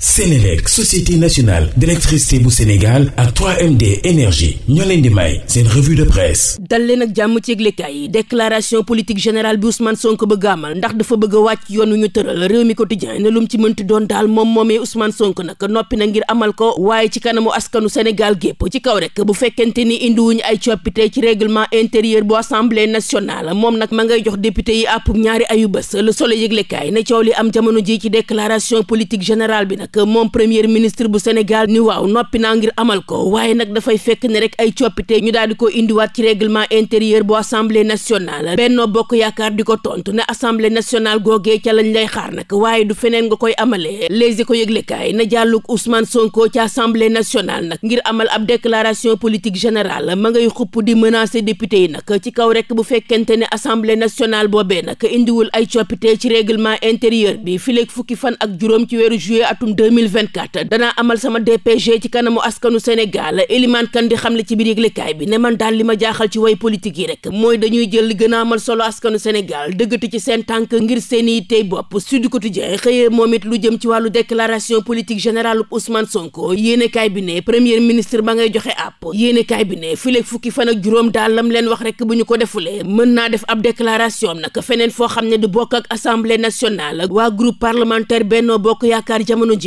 Sénélec société nationale d'électricité bu Sénégal ak 3MD énergie ñoo leen di may seen revue de presse dal leen ak jàmm ci yëglekaay yi déclaration politique générale bi Ousmane sonk bëgg a amal ndax dafa bëgg wàcc yoon wu ñu tëral réew mi quotidien ne lu mu ci mënti doon daal moom moomee Ousmane Sonko nag noppi na ngir amal ko waaye ci kanamu askanu Sénégal gépp ci kaw rek bu fekkente ni indiwuñu ay coppite ci réglement intérieur bu assemblée nationale moom nag ma jox député yi àpp ñaari ayu bés le solo yëglekaay ne coow li am jamono ji ci déclaration politique général bi nag nag moom premier ministre bu Sénégal ni waaw noppi naa ngir amal ko waaye nag dafay fekk ne rek ay coppite ñu daal di ko indiwaat ci règlement intérieur bu assemblée nationale Benno Bokk Yaakaar di ko tontu ne assemblée nationale googee ca lañ lay xaar nag waaye du feneen nga koy amalee léegi ko yëglekaay na jàllug Ousmane Sonko ci assemblée nationale nag ngir amal ab déclaration politique générale ma ngay xupp di menacer député yi nag ci kaw rek bu fekkente ne assemblée nationale boobee nag indiwul ay coppite ci règlement intérieur bi fileeg fukki fan ak juróom ci weeru juillet atum 2024 danaa amal sama DPG ci kanamu askanu Sénégal Eliman Kane di xamle ci biir yëglekaay bi ne man daal li ma jaaxal ci way politique yi rek mooy dañuy jël li gën a amal solo askanu Sénégal dëggatu ci seen tànk ngir seeni tey bopp Sud Quotidien xëyee moom it lu jëm ci wàllu déclaration politique générale Ousmane Sonko yéenekaay bi ne premier ministre ba ngay joxe àpp kaay bi ne fileeg fukki fan ak juróom daal lam leen wax rek bu ñu ko defulee mën naa def a déclaration am feneen foo xam ne du bokk ak assemblée nationale waa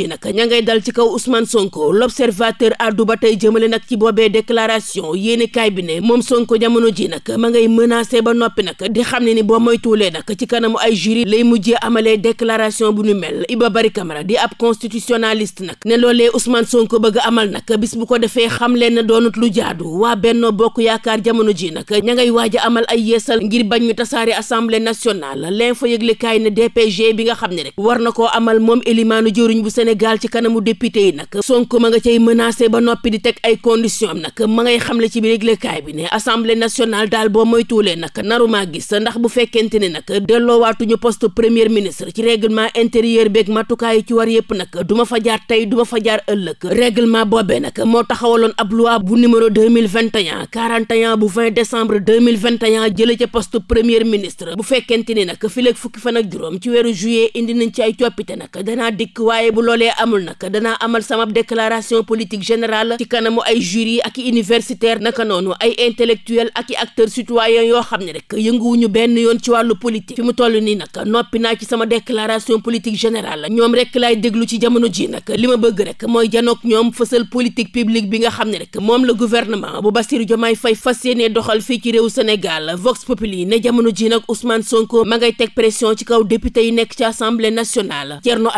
ji nag dal ci kaw Ousmane Sonko l'observateur addu ba tey jëmale nag ci boobee déclaration yéeni kaay bi ne moom Sonko jamono ji nag ma ngay menacé ba noppi nag di xam ne ni boo moytuwulee nag ci kanamu ay jury lay mujjee amalee déclaration bu ñu mel Iba Bari Camara di ab constitutionnaliste nag ne loolee Ousmane Sonko bëgg amal nag bis bu ko defee xam leen na doonut lu jaadu waa Benno Bokk Yaakaar jamono ji nag ña ngay waaj a amal ay yeesal ngir bañ ñu tasaare assemblée nationale l'info yëglekaay ne DPG bi nga xam na koo amal moom Sénégal ci kanamu député yi nag Sonko ma nga cay menacé ba noppi di teg ay condition am nag ma ngay xamle ci biir yëglekaay bi ne assemblée nationale daal boo moytuwulee naru narumaa gis ndax bu fekkente ne nag delloowaatuñu poste premier ministre ci règlement intérieur beeg matukaay yi ci war yëpp nag du ma fa jaar tey du ma fa jaar ëllëg règlement boobee nag moo taxawaloon ab loi bu numéro 2021 41 bu 20 décembre 2021 jële ca poste premier ministre bu fekkente ne nag fileeg fukki fan ak ci weeru juillet indi nañ ci ay coppite nag loolee amul nag danaa amal sama déclaration politique générale ci kanamu ay jury ak i universitaire naka noonu ay intellectuel ak i acteurs citoyens yoo xam ne rek yënguwuñu benn yoon ci wàllu politique fi mu toll nii nag noppi naa ci sama déclaration politique générale ñoom rek laay déglu ci jamono ji nag li ma bëgg rek mooy janook ñoom fësal politique piblique bi nga xam ne rek moom la gouvernement bu Bassirou Diomaye Faye fas yéenee doxal fii ci réew Sénégal Vox Populi ne jamono ji nag Ousmane Sonko ma ngay teg pression ci kaw député yi nekk ci assemblée nationale Thierno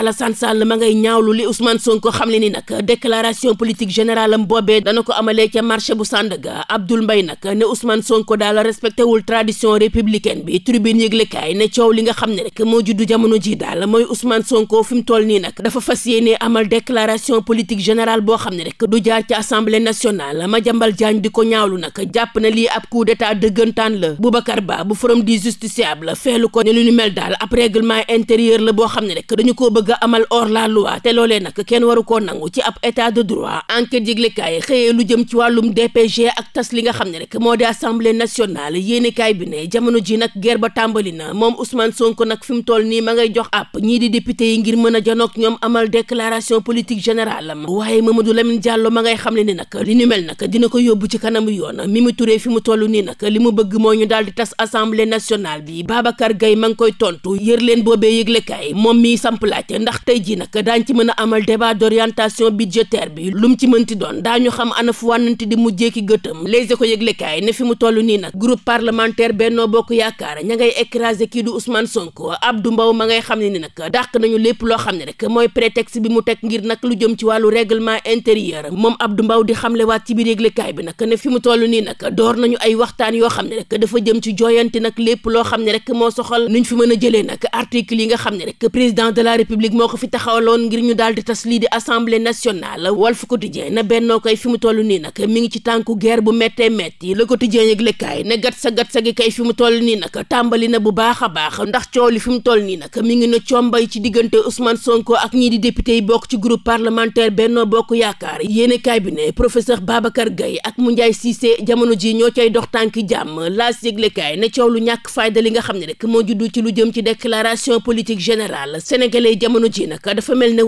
ñaawlu li Ousmane Sonko xam le ni nag déclaration politique générale am boobee dana ko amalee ca marché bu Sandaga Abdoul nag ne Ousmane Sonko daal respecté wul tradition républicaine bi tribune yëglekaay ne coow li nga xam ne rek moo juddu jamono ji daal mooy Ousmane Sonko fi mu toll nii nag dafa fas yéene amal déclaration politique général boo xam ne rek du jaar ci assemblée nationale Madiambal Diagne di ko ñaawlu nag jàpp na lii ab coup d'état dëggantaan la Boubacar Ba bu forum du justiciable feelu ko ne lu ñu mel daal ab règlement intérieur la boo xam ne rek dañu ko bëgg amal hors la loi te loolee nag kenn waru koo nangu ci ab état de droit enquête yëglekaay xëyee lu jëm ci wàllum DPG ak tas li nga xam ne rek moo di assemblée nationale yéenekaay bi ne jamono ji nag guerre ba tàmbali na moom Ousmane Sonko nag fi mu toll nii ma ngay jox àpp ñii di député yi ngir mën a janook ñoom amal déclaration politique générale am waaye Mamadou Lamine Diallo ma ngay xam ne ni nag li ñu mel nag dina ko yóbbu ci kanamu yoon Mimi Touré fi mu toll nii nag li mu bëgg moo ñu daal di tas assemblée nationale bi Babacar Gaye ma ngi koy tontu yër leen boobee yëglekaay moom miy samp ndax tey ji daañ ci mën a amal débat d'orientation budgétaire bi lu mu ci mënti doon daañu xam ana fu wànnante di mujjeeki gëtëm les éco yëglekaay ne fi mu toll nii nag groupe parlementaire Benno Bokk Yaakaar ña ngay écraser kii du Ousmane Sonko Abdou Mbow ma ngay xam ne ni nag dàq nañu lépp loo xam ne rek mooy prétexte bi mu teg ngir nag lu jëm ci wàllu règlement intérieur moom Abdou Mbow di xamlewaat ci biir yëglekaay bi nag ne fi mu toll nii nag door nañu ay waxtaan yoo xam ne rek dafa jëm ci jooyanti nag lépp loo xam ne rek moo soxal nuñ fi mën a jëlee nag article yi nga xam ne rek président de la république moo ko fi taxawaloon ngir ñu daal di tas lii di assemblée nationale Walf Quotidien na bennoo koy fi mu toll nii nag mi ngi ci tànku guerre bu méttee métti Le Quotidien yëg lekkaay ne gat sa gat sa gi kay fi mu toll nii nag tàmbali na bu baax a baax ndax coow li fi mu toll nii nag mi ngi na combay ci diggante Ousmane Sonko ak ñii di député yi bokk ci groupe parlementaire Benno Bokk Yaakaar yéenekaay bi ne professeur Babacar Gueye ak Moundiaye Cissé jamono ji ñoo cay dox tànki jàmm laas yëglekaay ne coow lu ñàkk fayda li nga xam ne rek moo juddu ci lu jëm ci déclaration politique générale sénégalais jamono ji nag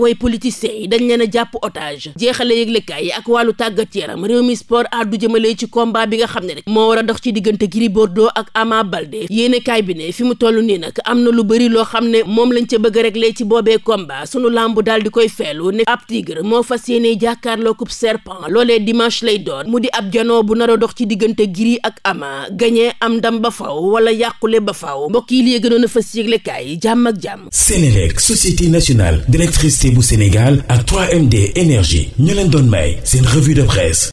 way politiciens yi dañ leen a jàpp otage jeexale yëglekaay yi ak wàllu tàggat yaram réew mi sport àddu jëmale ci combat bi nga xam ne rek moo war a dox ci diggante Gris Bordeaux ak Ama Baldé yéenekaay bi ne fi mu toll nii nag am na lu bëri loo xam ne moom lañ ca bëgg rek lee ci boobee combat sunu làmb daal di koy feelu ne ab tigre moo fas yéene jàkkaarloo coupe serpent loolee dimanche lay doon mu di ab bu nar a dox ci diggante Gris ak Ama gañee am ndam ba faw wala yàqule ba faw mbokk yi li gënoon a fas yëglekaay yi jàmm ak jàmm Sénélec société nationale d'électricité bu Sénégal ak 3MD énergie ñu leen doon may seen revue de presse